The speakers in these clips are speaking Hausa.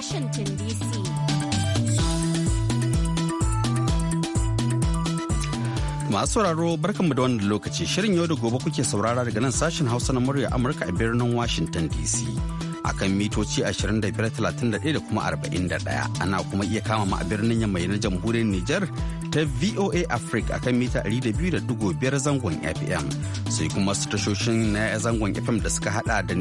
Washington DC. Masu sauraro barkanmu da wannan lokaci shirin yau da gobe kuke saurara daga nan sashen Hausa na murya Amurka a birnin Washington DC. akan mitoci 31 da kuma 41 ana kuma iya kama ma a birnin yamma na jamhuriyar Nijar ta VOA Africa akan mita 200.5 zangon FM sai kuma su tashoshin na zangon FM da suka hada da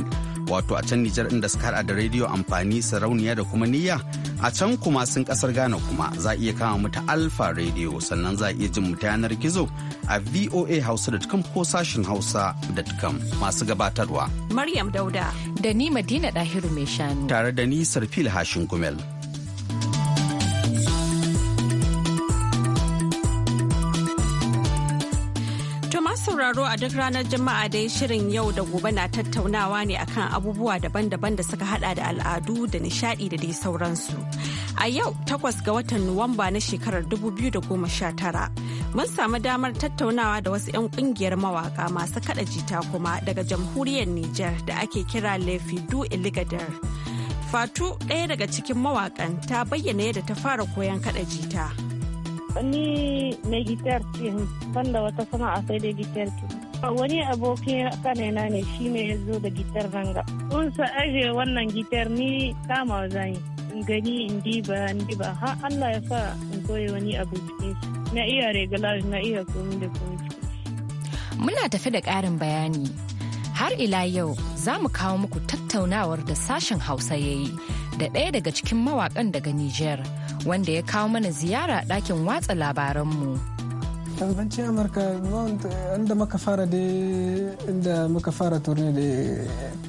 wato a can Nijar inda suka hada da rediyo amfani sarauniya da kuma niyya a can kuma sun kasar Ghana kuma za iya kama mu ta Alpha Radio sannan za iya jin mu yanar gizo a VOA Hausa.com ko sashin hausa.com masu gabatarwa Maryam Dauda da ni Madina Dahiru mai shanu tare da ni Sarfil Hashin Gumel. sauraro a duk ranar jama'a dai shirin yau da gobe na tattaunawa ne akan abubuwa daban-daban da suka hada da al'adu da nishadi da dai sauransu. A yau takwas ga watan Nuwamba na shekarar 2019 mun samu damar tattaunawa da wasu 'yan kungiyar mawaka masu kada jita kuma daga jamhuriyar Nijar da ake kira Lefidu Iligadar. Fatu ɗaya daga cikin mawakan ta bayyana yadda ta fara koyon kada jita. Ni mai gitar ce, banda wata sana'a sai dai gitar ce. Wani abokin kanina ne shi ne ya zo da gitar ranga. Kun sa aje wannan gitar ni kama zan in gani in diba in diba ha Allah ya sa in koyi wani abu cikin na iya regular na iya komi da komi Muna tafi da ƙarin bayani. Har ila yau za mu kawo muku tattaunawar da sashen Hausa ya yi da ɗaya daga cikin mawaƙan daga Nijar wanda ya kawo mana ziyara ɗakin watsa labaranmu. Talbanci Amurka inda muka fara da inda muka fara turne da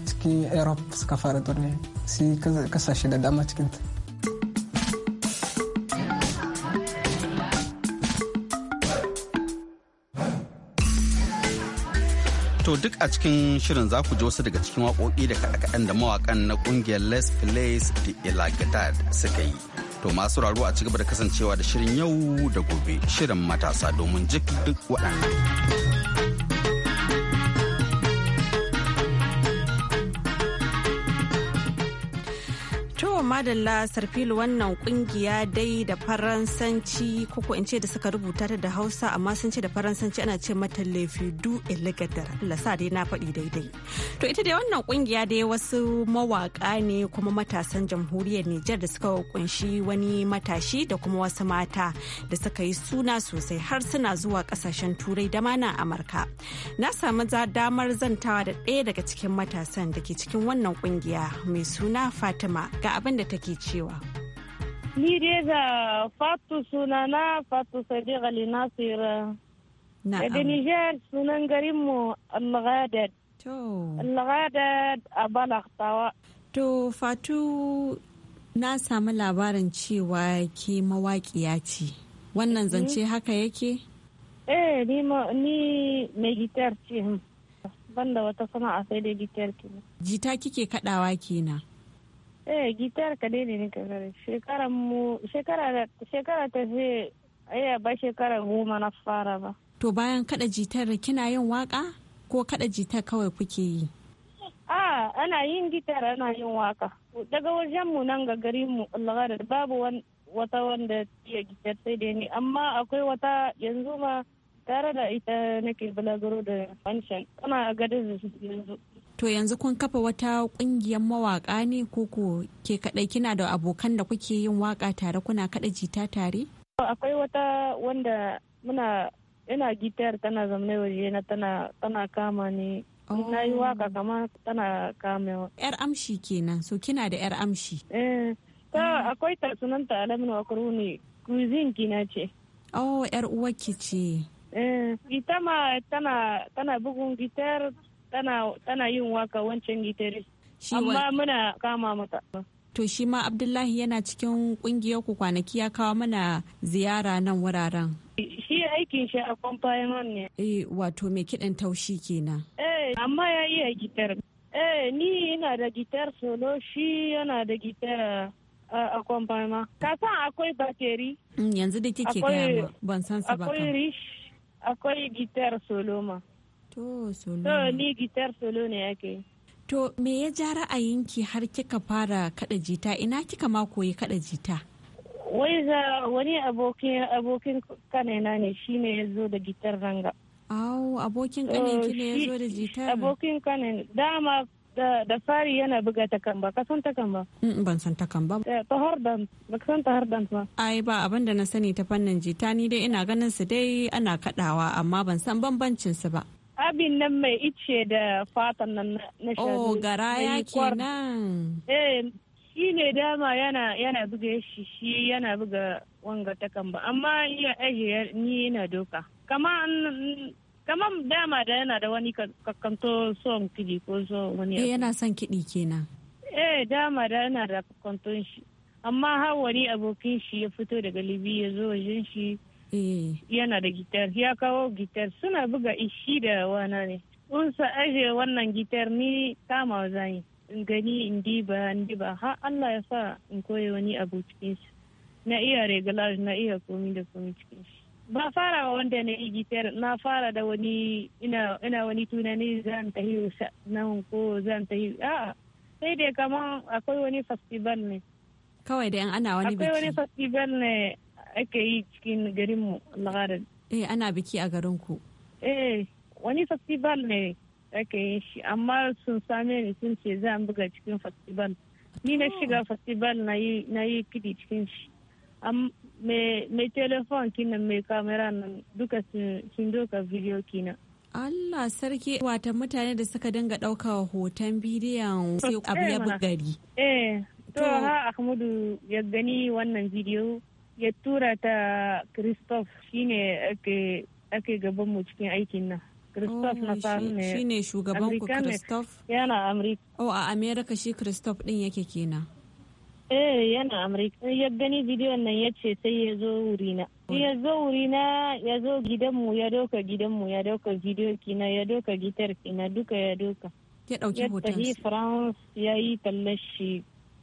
cikin Europe suka fara turne sai kasashe da dama cikinta. To duk a cikin shirin za ku ji wasu daga cikin waƙoƙi da kaɗe-kaɗen da mawaƙan na ƙungiyar Les Place de Ilagadad suka yi. To masu raro a cigaba da kasancewa da shirin yau da gobe, shirin matasa domin jik duk waɗannan. madalla sarfilu wannan kungiya dai da faransanci koko in ce da suka rubuta ta da hausa amma sun ce da faransanci ana ce mata lefidu elegadar allah sa dai na faɗi daidai to ita dai wannan kungiya dai wasu mawaka ne kuma matasan jamhuriyar nijar da suka kunshi wani matashi da kuma wasu mata da suka yi suna sosai har suna zuwa kasashen turai da ma na amurka na samu damar zantawa da ɗaya daga cikin matasan da ke cikin wannan kungiya mai suna fatima ga abin da take cewa. Ni dai ga Fatu sunana Fatu Sadiq Ali Nasir. Daga Nijar sunan garinmu Al-Ghadad. To. Al-Ghadad a Balaktawa. To Fatu na samu labarin cewa ke mawaƙiya ce. Wannan mhm. zance haka yake? Eh, ni mai gitar ce. Banda wata sana'a sai dai gitar ke. Jita kike kaɗawa kenan. eh gitar ka dai ne ka kare shekaran mu shekara ta zai aya eh, ba shekarar goma na fara ba to bayan kada jitar kina yin waka ko kada jitar kawai kuke yi a ana yin gitar ana yin waka daga wajen mu nan ga garin mu babu wata wanda ya gitar sai dai ni amma akwai wata yanzu ma tare da ita nake bulaguro da wancan tana a gadin yanzu to yanzu kun kafa wata kungiyar mawaka ne koko ke kadai kina da abokan da kuke yin waka tare kuna kada jita tare akwai wata wanda muna yana gitar tana zamne waje na tana tana kama ni na yi oh. waka kama tana kama. yar amshi kenan so kina da yar amshi eh ta akwai ta sunanta alamin wakuruni kuzin kina ce oh yar uwarki ce eh ita ma tana tana bugun gitar tana yin waka wancan gitare. amma muna kama mata to shi ma abdullahi yana cikin kungiyar ku kwanaki ya kawo mana ziyara nan wuraren shi aikin shi a kwamfayon ne eh wato mai kiɗan taushi kenan eh amma ya a gitar eh ni yana da gitar solo shi yana da gitar a kwamfayon ka san akwai bateri mm, yanzu da kike gaya ban san su ba akwai rish akwai gitar solo ma To solo. To ni gitar solo ne yake. To me ya ja ra'ayinki har kika fara kada jita ina kika ma koyi kada jita? Wai za wani abokin abokin kanina ne shi ne ya zo da gitar ranga. Awo abokin ki ne ya zo da jita. Abokin kanin dama da fari yana buga takamba ka san takamba mm, ban san takamba eh, ta hardan ba ka san ta hardan ba ai ba abin da na sani ta fannin jita ni dai ina ganin su dai ana kadawa amma ban san bambancin su ba abin nan mai ice da fatan nan na oh, shanu. Oh, garaya kenan. Eh, shi ne dama yana yana buga shi shi yana buga wanga takan ba amma iya aje ni yana doka kamar kama dama da yana da wani kakkanto son kidi ko so wani eh yana son kidi kenan eh dama da yana da kakkanton shi amma har wani abokin shi ya fito daga libi ya zo wajen shi Eh. yana da gitar ya kawo gitar suna buga ishi da wana ne in sa aje wannan gitar ni kama zan in gani in diba in diba ha Allah ya sa in koyi wani abu cikin shi na iya regular na iya komi da komi cikin shi ba fara wa wanda na yi gitar na fara da wani ina wani tunani zan ta yi nan ko zan ta yi a'a sai dai kamar akwai wani festival ne kawai da yan ana wani biki akwai wani festival ne ake yi cikin garinmu lagarin eh ana biki a garinku eh wani festival ne ake yin shi amma sun same ni sun ce za buga cikin festival ni na oh. shiga festival na yi kidi cikin shi mai telefon kinan mai kamera nan duka sun doka video kina Allah sarki wata mutane da suka dinga ɗauka hoton bidiyon sai abu ya bugari. Eh, eh to ha Ahmadu ya gani wannan bidiyo ya tura ta Christoph shine ake ake gaban mu cikin aikin nan. Christoph oh, na ne. ne shugaban ku Christoph? Yana Amerika. Oh, a Amerika shi Christoph din yake kenan. Eh, yana Amerika. Ya gani bidiyon nan ya ce sai ya zo wurina. Oh. Ya zo wurina, ya zo gidanmu, ya doka gidanmu, ya doka bidiyo kina, ya doka gitar kina, duka ya doka. Ya ɗauki hoton. Ya tafi France, ya yi tallashi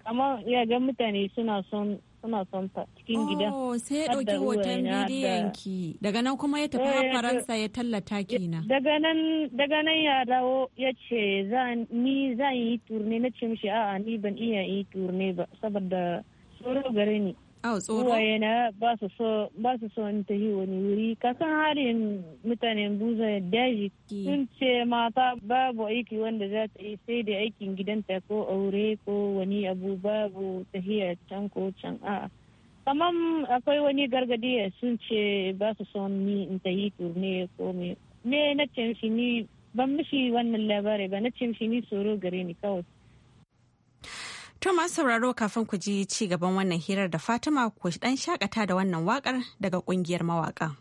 amma ga mutane suna son suna son ta cikin gida. Oh, sai ya ɗauki hoton bidiyon ki. Daga nan kuma ya tafi eh, Faransa ya tallata kenan. Daga nan daga nan ya dawo ya ce ni zan yi turne na ce mishi a'a ni ban iya yi turne ba saboda tsoro gare ni. yana ba su so ni ta yi wani wuri kasan harin mutanen buza daji sun ce mata babu aiki wanda za ta yi sai da aikin gidanta ko aure ko wani abu babu tahiya can ko can a kamar akwai wani gargadi sun ce ba su son ni in ta yi turne ko me me na ce ni ban mishi wannan labari ba na ce ni tsoro gare ni kawai To masu sauraro kafin ku ji ci gaban wannan hirar da Fatima ku dan shakata da wannan wakar daga kungiyar mawaka.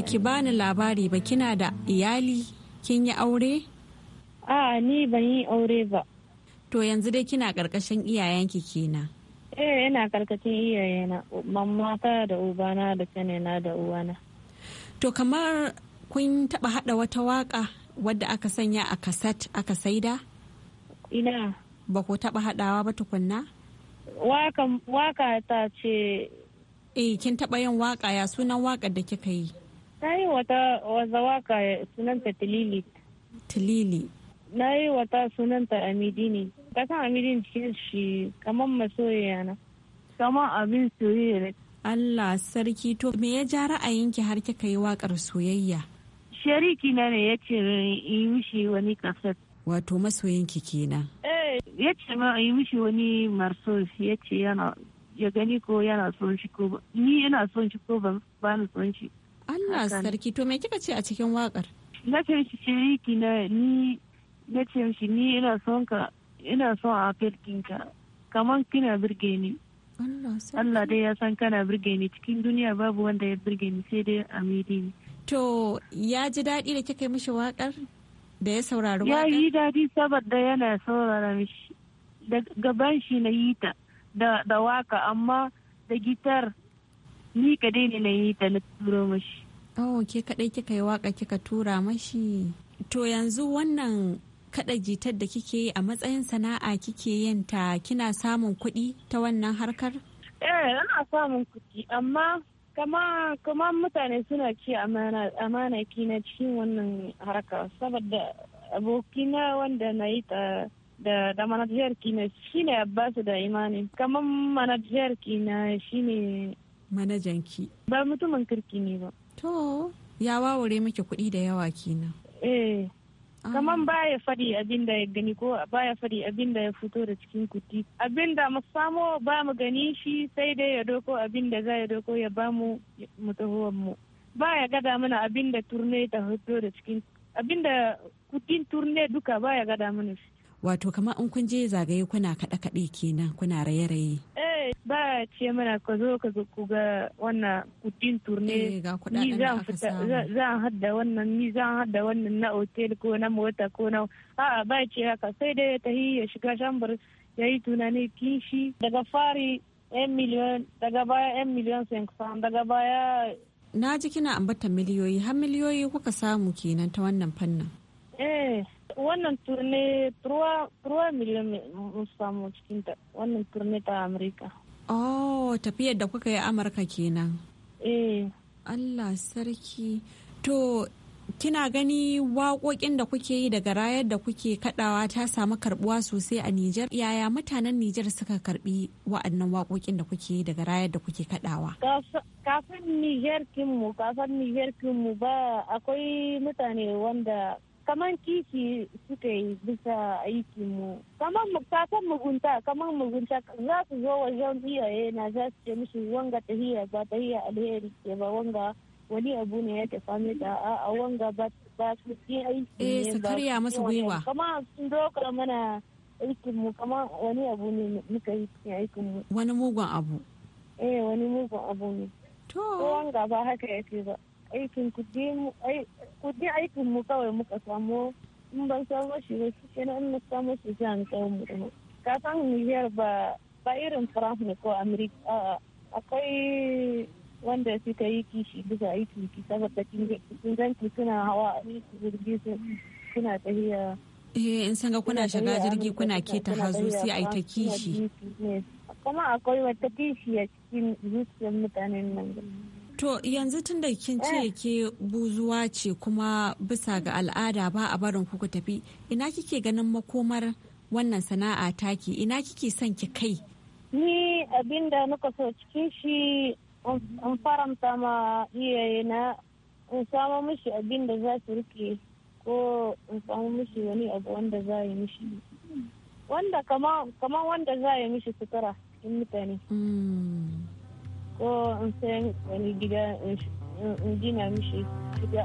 baki bani labari ba kina da iyali kin yi aure? A'a ni ban yi aure ba. To yanzu dai kina karkashin iyayenki kina. Eh yana karkashin iyayena mamma ta da ubana da na da uwana. To kamar kun taba hada wata waka wadda aka sanya a kasat aka saida? Ina. Ba ku taba hadawa ba tukunna? Waka, waka ta ce. Eh kin taba yin waka ya sunan wakar da kika yi? Na yi wata waka sunanta Tilili. Tilili. Na yi wata sunanta Amidini. Kasan Amidini cikin shi kamar masoyiya na. Kamar abin soyayya ne. Allah sarki to me ya ja ra'ayinki har kika yi wakar soyayya? Shariki na ne ya ce yi mishi wani kaset. Wato masoyinki kenan. Eh, ya ce ma yi mishi wani marso ya ce yana ya gani ko yana son shi ko ba ni yana son shi ko ba ba ni son shi Allah sarki to me kika ce a cikin wakar? Na ce shi shiriki na ni na ce shi ni ina son ka ina son a firkinka kamar kina birge ni. Allah dai ya san kana birge ni cikin duniya babu wanda ya birge ni sai dai amiri. To ya ji daɗi da kika yi mishi wakar? da ya saurari wakar? Ya yi daɗi saboda yana saurara mishi. Da gaban shi na yi ta da, waka amma da gitar ni kadai ne na yi ta na turo mashi oh ke kaɗai kika yi waka kika tura mashi to yanzu wannan kada jitar da kike yi a matsayin sana'a kike yin ta kina samun kuɗi ta wannan harkar eh ana samun kuɗi amma kama mutane suna ci amana na cikin wannan harka saboda abokina wanda na yi ta da da manajer kina shine abbasu da imani kaman manajer kina shine manajanki? Ba mutumin kirki ne ba. To, ya wawure miki kuɗi da yawa kenan. Eh, ah. kaman ya fadi abin da ya gani ko ya fadi abin da ya fito da cikin kuti. Abin da mu samo ba mu gani shi sai dai ya doko abin da za ya doko ya ba mu mutuwan mu. ba ya gada mana abin da turne ta fito da cikin abin da kutin turne duka ba ya gada mana shi. Wato kamar in kun je zagaye kuna kaɗe-kaɗe kenan kuna raye-raye. Eh, ba ce mana ka zo ka zo ku ga wannan kudin turne eh, ni zan zan hadda wannan ni zan hada wannan na otel ko na mota ko na a'a ba ce haka sai dai ta yi ya shiga shambar ya yi tunani kinshi daga fari 'yan miliyon daga baya 'yan miliyon 500 daga baya na ji kina ambata miliyoyi har miliyoyi kuka samu kenan ta wannan fannin eh Wannan turne ruwa miliyan mun cikin cikinta wannan turne ta Amurka. Oh, tafiyar da kuka yi Amurka kenan. Eh. Allah sarki. To, kina gani waƙoƙin da kuke yi daga rayar da kuke kaɗawa ta samu karɓuwa sosai a Nijar? Yaya mutanen Nijar suka karɓi wa'annan waƙoƙin da kuke yi daga rayar da kuke kaɗawa? Kafin Nijar kinmu, kafin Nijar kinmu ba akwai mutane wanda kamar kishi suka yi bisa aiki mu kamar kakan mugunta kamar mugunta za su zo wajen iyaye na za su ce mishi wanga tahiya ba tahiya alheri ce ba wanga wani abu ne ya tafa mita da a wanga ba su yi aiki eh, ne ba karya masa gwiwa kamar sun doka mana aikin mu kamar wani abu ne muka yi cikin aikin mu wani mugun abu eh wani mugun abu ne to wanga ba haka yake ba aikin ku je aikin mu kawai muka samu in ban samu shi ba shi kenan in na samu shi sai an kawo mu kuma ka san Niger ba ba irin France ne ko America akwai wanda suka yi kishi bisa aikin ki saboda kin ganki suna hawa jirgi suna tafiya Eh in san ga kuna shiga jirgi kuna keta hazo sai a yi ta kishi. Kuma akwai wata kishi a cikin zuciyar mutanen nan. To yanzu tun da kin ce eh. ke buzuwa ce kuma bisa ga al'ada ba a barin ku tafi ina kike ganin makomar wannan sana'a taki ina kike son ki kai? Ni da nuka so cikin shi in faranta ma iyaye na in samu mishi da za su rike ko in samu mishi wani abu wanda za yi mishi wanda kama wanda za yi mishi sutura in mutane. Mm. ko in san wani gida in gina mishi gida.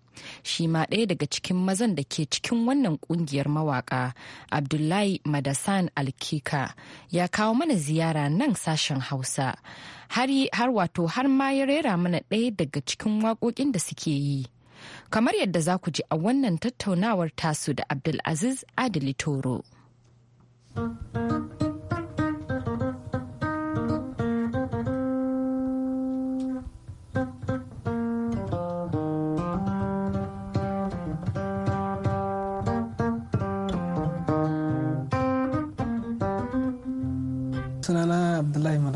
shi ma ɗaya daga cikin mazan da ke cikin wannan ƙungiyar mawaƙa. abdullahi madasan alkika ya kawo mana ziyara nan sashen hausa har wato har ma ya rera mana ɗaya daga cikin waƙoƙin da suke yi kamar yadda za ku ji a wannan tattaunawar tasu da abdulaziz adilitoro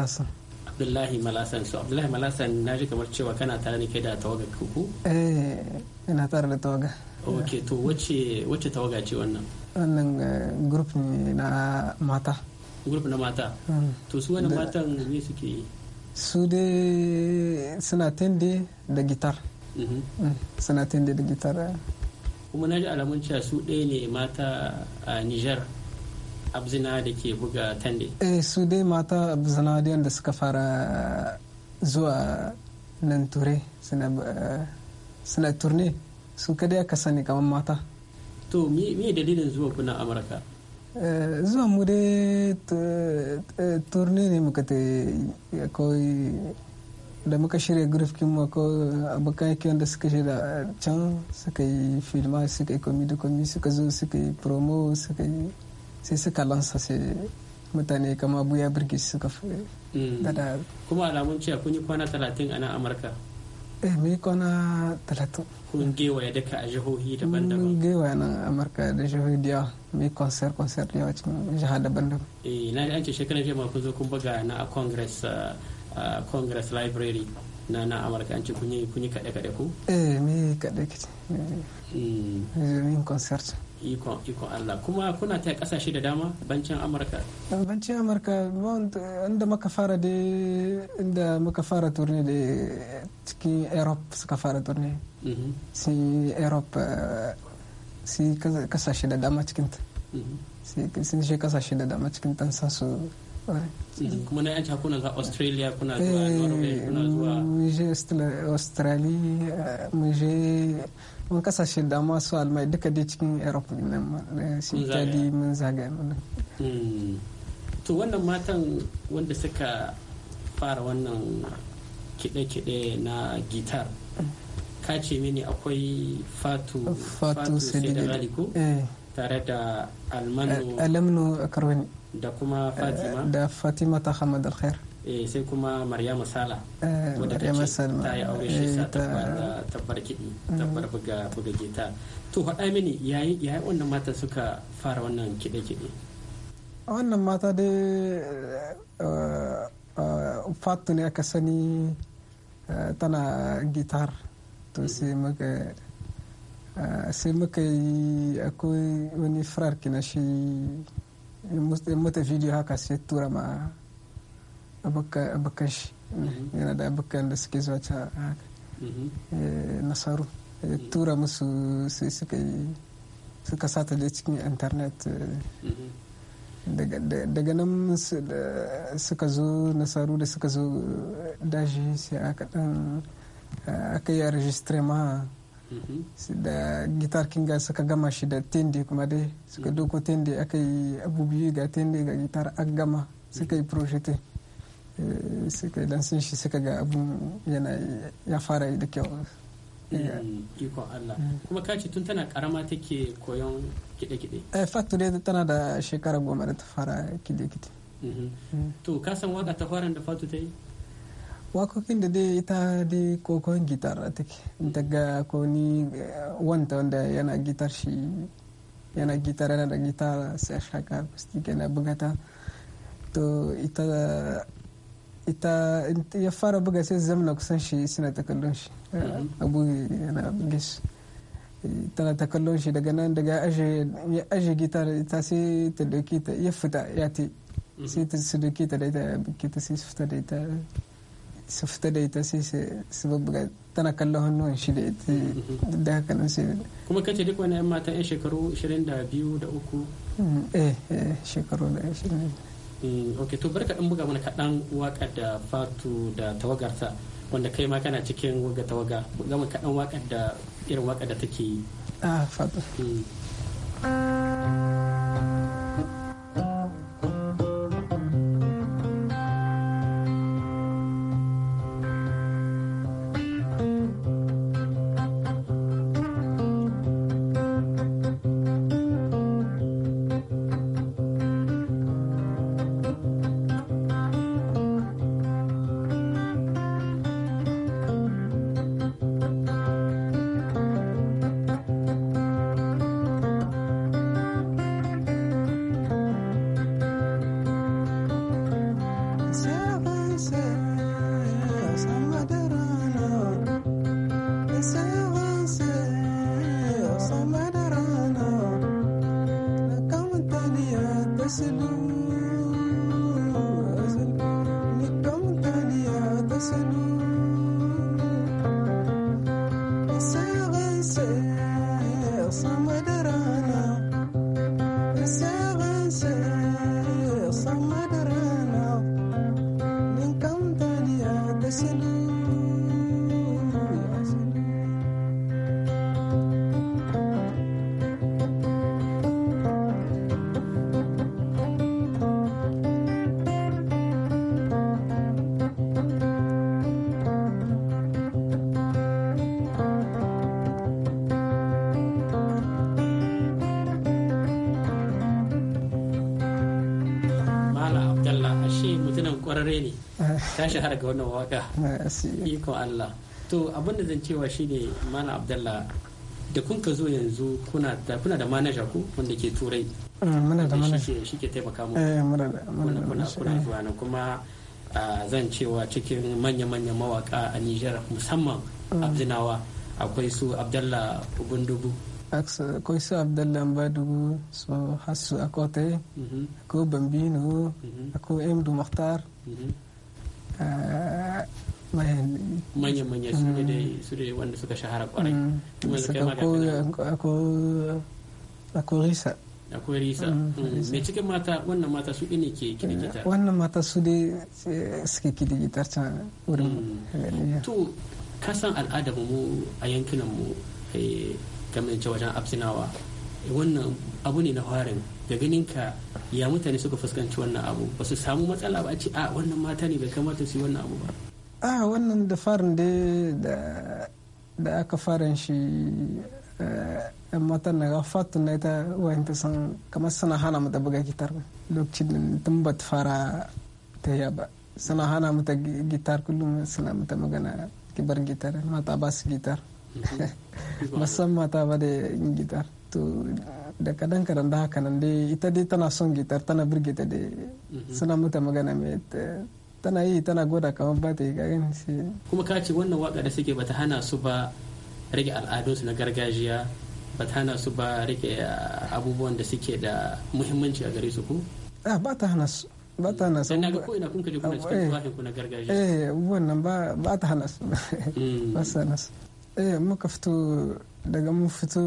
Malasan. Abdullahi Malasan. So Abdullahi Malasan na ji kamar cewa kana tare ne kai da tawaga kuku? Eh, ina tare da tawaga. Ok, to wace wace tawaga ce wannan? Wannan eh, group ne na mata. Group na mata. Hmm. To su wani matan ne suke yi? Su dai suna tende da gitar. Mhm. Hmm, suna tende da gitar. Eh. Kuma na ji alamun cewa su ɗaya ne mata a Nijar. abzina da ke buga tande eh su dai mata abzina da suka fara zuwa nan ture suna eh, turne su kadai ka sani kamar mata to me dalilin zuwa kuna amurka eh, zuwa mu dai turne eh, ne muka ta akwai da muka shirya gurfkin mu ko abokan yake wanda suka shirya can suka yi filma suka yi komi da komi suka zo suka yi promo suka yi sai suka lansa sai mutane kama buya birgi suka hmm. da kuma alamun cewa kun yi kwana talatin a nan amurka eh mun yi kwana talatin kun gewaya duka a jihohi daban-daban mun gewaya nan amurka da jihohi da yawa yi konser konser da yawa cikin jiha daban-daban eh na da an ce jiya ma kun zo kun buga na a congress congress library na na amurka an ce kun yi kaɗe-kaɗe ku eh mun yi kaɗe-kaɗe hmm. mun yi concert ikon Allah kuma kuna ta kasashe da dama bancin Amurka bancin Amurka inda muka fara da inda muka fara turne da cikin Europe suka fara turne mm-hmm. si Europe eh, si kasashe da dama cikin ta mm-hmm. sun shi kasashe da dama cikin ta san su mm-hmm. kuma na yanci kuna za australia kuna zuwa eh, norway kuna zuwa mu je australia eh, mu je kuma kasashe da masu almai duka dai cikin europe ne eh, shi italy mun zagaye nan hmm. to wannan matan wanda suka fara wannan kide-kide na gitar ka ce mini akwai fatu fatu ko eh. tare da almanu alamnu karwani da kuma fatima eh, da fatima ta hamad alkhair Eh, sai kuma maryama sala eh, wadda ta yi aure shi sa tabbar eh, kiɗi tabbar mm. buga buga gita to haɗa mini yayi wannan mata suka fara wannan kiɗe kiɗe wannan mata dai fatu ne aka sani tana gitar to mm. sai muka sai muka yi akwai wani firar kina shi mata video haka sai tura ma abokan shi mhm. yana da abokan da suke zuwa can haka mhm. eh, nasaru eh, mhm. tura musu sai suka yi suka sata da cikin internet eh. daga nan suka zo nasaru da suka zo daji sai aka dan aka yi a ma da guitar kinga suka gama shi da tende kuma dai suka doko tende aka yi abubuwa ga tende ga guitar aka gama suka yi projete suka idan sun shi suka ga abu yana ya fara yi da kyau eh, iko Allah mm. kuma ka tun tana karama take koyon kide-kide eh factory tana da shekara goma da ta fara kide-kide mm-hmm. mm. to ka san waka ta fara da fatu ta yi wakokin da dai ita dai kokon gitar take daga ko ni eh, wanta wanda yana gitar shi yana gitar yana da gitar sai shaka acoustic na bugata to ita ita ya fara buga sai zamna kusan shi suna ta kallon shi mm-hmm. abu yana buge eh, tana ta kallon shi daga nan daga ya aje gitar ta ita sai ta doki ta ya fita ya te mm-hmm. sai ta su doki ta da ita buke ta sai su fita da ita su fita da ita sai su babbuga tana kallon hannuwan shi da ita mm-hmm. da haka nan sai kuma kace duk wani yan mata yan shekaru 22 da uku eh eh shekaru da 22 Eh, ok to bari ka dan buga mana kaɗan waƙar da fatu da tawagarta wanda kai ma kana cikin waga tawaga buga mana kaɗan waƙar da irin waka da take yi. Ah, fatu. Hmm. ta shahara ga wannan waka iko Allah to abinda zan cewa shine mana abdalla da kun ka zo yanzu kuna da manaja ku wanda ke turai mm, muna da manaja shi ke taimaka mu eh muna da muna kuna kuna eh. zuwa nan kuma zan cewa cikin manya-manyan mawaka a Nijar musamman mm. Abdinawa akwai su abdalla Ugundugu akwai su Abdallah Mbadugu su hasu Akote mm-hmm. akwai Bambino mm-hmm. akwai Emdu muhtar mm-hmm. Eh, eh, manya-manya su ne dai wanda suka shahara kwarai mm, kuma su kai akwai risa akwai risa mai mm, mm, cikin mata wannan mata su ne ke kidigitar eh, wannan mata su dai suke kidigitar can wurin to kasan al'adar mu a yankinan mu kamar wajen absinawa wannan abu ne na harin da ganin ka ya mutane suka fuskanci wannan abu ba su samu matsala ba a ce a wannan mata ne bai kamata su yi wannan abu ba a wannan da farin da aka fara shi eh, yan matan na fatun na ita wayan kamar suna hana mu da buga gitar lokacin tun ba ta fara ta yaba suna hana mu ta gitar kullum suna mu ta magana kibar gitar mata ba su gitar musamman ta ba da yin gitar to da kadan kadan da haka nan dai ita dai tana son gitar tana birge ta da mhm. suna mutu magana mai tana yi tana goda kamar ba ta yi garin shi kuma ka ce wannan waka da suke bata hana su ba rage al'adunsu na gargajiya bata hana su ba rage ah, abubuwan da suke da muhimmanci a gare su ko ah, ba ta hana su ba ta hana su ko ina kun kaje kuna cikin eh, tufafin ku na gargajiya eh wannan ba ta hana su ba ta hana su mm. eh muka fito daga mun fito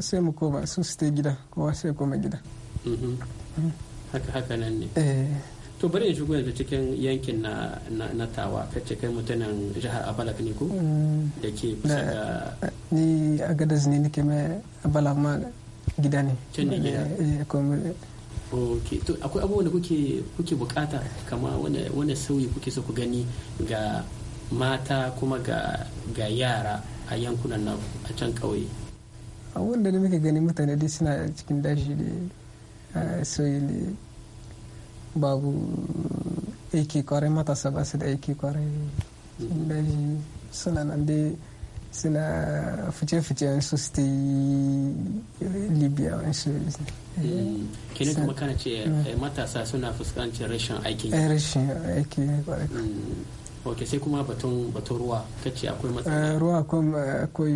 sai mu koma su su gida kowa sai koma gida mm-hmm. mm. haka haka nan ne eh. to bari in shigo yanzu cikin yankin na na tawa kace kai mutanen jihar abalak ne ko mm. da ke kusa da eh, ni a gadas ne nake mai abalak ma gida ne can ne gida eh, ok to akwai abubuwan da kuke kuke bukata kama wani sauyi kuke so ku gani ga mata kuma ga yara a yankunan naku a can kawai a wanda da muka gani mutane dai suna cikin dashi da soyi ne babu aiki kwarai matasa ba su da aiki kwarai cikin dashi suna nan dai suna fice-fice su su ta yi libya wasu hmm. kenan kuma kana ce hmm. eh, matasa suna fuskantar rashin aiki eh, rashin aiki kwarai ok sai kuma batun batun ruwa kace akwai matsala eh, ruwa akwai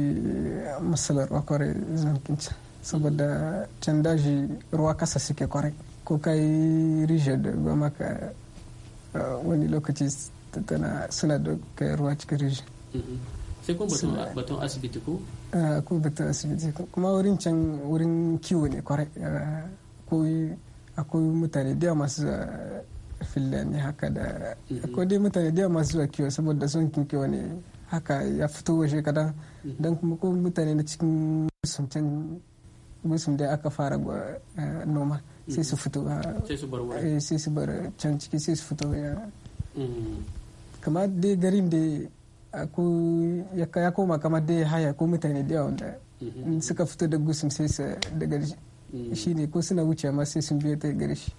matsalar ruwa kwarai zankinci saboda can daji ruwa kasa suke kwarai ko kai rije da goma ka eh, wani lokaci tana suna da kai ruwa cikin rije mm-hmm. sai kuma batun asibiti ko eh, ko batun asibiti kuma wurin can wurin kiwo ne kwarai akwai mutane da masu fulani haka da mm-hmm. ko dai mutane da yawa masu zuwa kiwo saboda son kin kiwo ne haka ya fito waje kadan mm-hmm. don kuma ko mutane na cikin sun can da aka fara eh, noma sai su mm-hmm. fito eh, sai su bar can ciki sai su fito ya kamar dai garin da ya koma kama dai haya ko mutane da yawon da suka fito da gusum sai daga shi ne ko suna wuce ma sai sun biya ta gare shi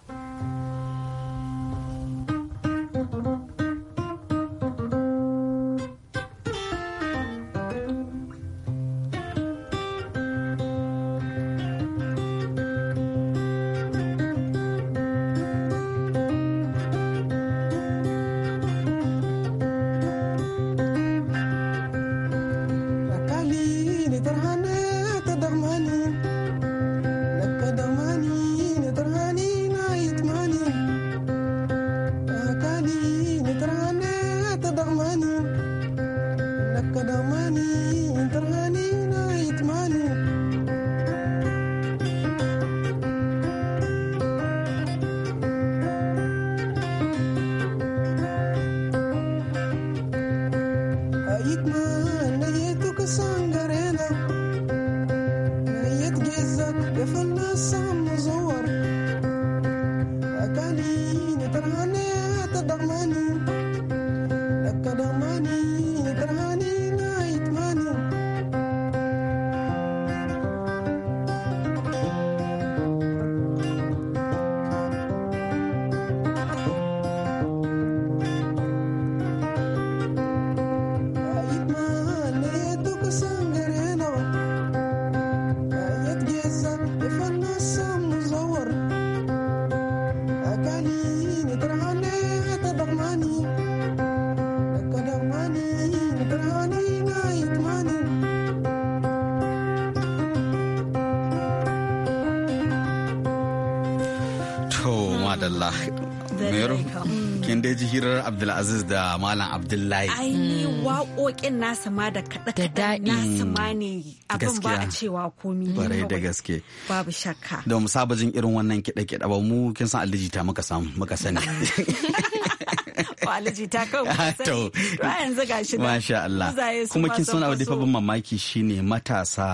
hirar Abdulaziz da Malam Abdullahi. Ai ni mm. waƙoƙin nasa ma da kaɗa kaɗe nasa ma ne abin ba a cewa komi. ne Barai da gaske. Babu shakka. Da mu saba jin irin wannan kiɗa kiɗa ba mu kin san Aliji ta muka samu muka sani. Mm. Aliji ta kawo to yanzu ga shi da. Masha Allah. Kuma kin san abu da ban mamaki shine matasa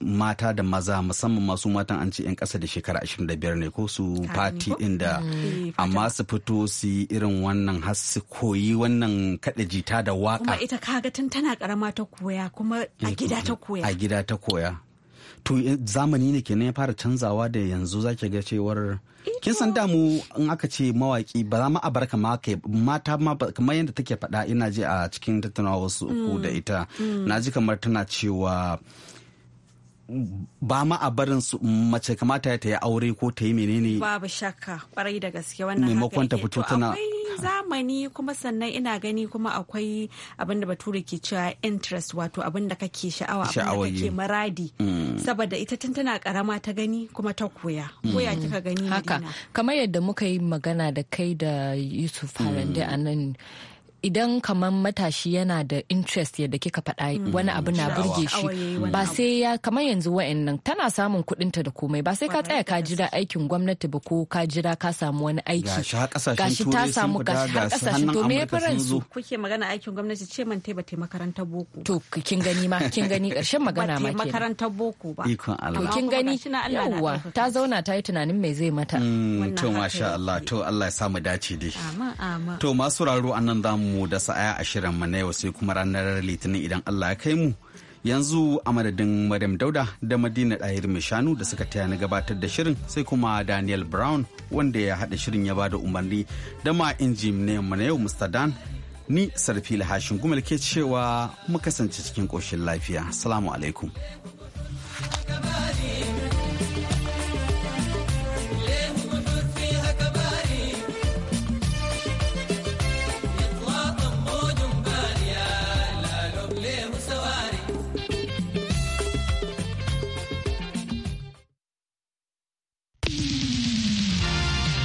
mata da maza musamman masu matan an ce 'yan ƙasa da shekara 25 ne ko su fati inda mm. eh, amma su fito su yi irin wannan har su koyi wannan kada jita da waka kuma ita kaga tun tana karama ta koya kuma a eh, gida ta mm, koya a gida ta koya to eh, zamani ne kenan ya fara canzawa da yanzu zaki ga cewar kin san damu in aka ce mawaki ba za ma a barka ma kai mata ma kamar yadda take faɗa ina ji a cikin tattaunawa wasu uku mm. da ita na ji kamar tana cewa ba ma a barin su mace kamata ta yi aure ko ta yi menene babu shakka kwarai da gaske wannan haka ta fito tana zamani kuma sannan ina gani kuma akwai abin da bature ke cewa interest wato abin da kake sha'awa abin da kake maradi mm. saboda ita tun tana karama ta gani kuma ta koya mm. koya kika gani haka kamar yadda muka yi magana da kai da Yusuf Harande mm. a nan idan kamar matashi yana da interest yadda kika faɗa mm. wani abu na burge shi ba sai ya kamar yanzu wa'annan tana samun kuɗinta da komai ba sai ka tsaya ka jira aikin gwamnati ba ko ka jira ka samu wani aiki gashi ta samu gashi har kasashen to me ya faran su kuke magana aikin gwamnati ce man taiba ta makaranta boko to kin gani ma kin gani karshen magana ma ke makarantar boko ba ikon Allah to kin gani yawwa ta zauna ta yi tunanin me zai mata mm, to masha Allah to Allah ya samu dace dai to masu raro anan zamu mu da sa'a shirin mu na yau sai kuma ranar litinin idan Allah ya kai mu. Yanzu a madadin Maryam Dauda da Madina Dahir mai shanu da suka taya na gabatar da shirin sai kuma Daniel Brown wanda ya haɗa shirin ya bada umarni da ma injiniyan mu na yau Mr. Dan ni sarfi hashin gumal ke cewa mu kasance cikin koshin lafiya. Salamu alaikum.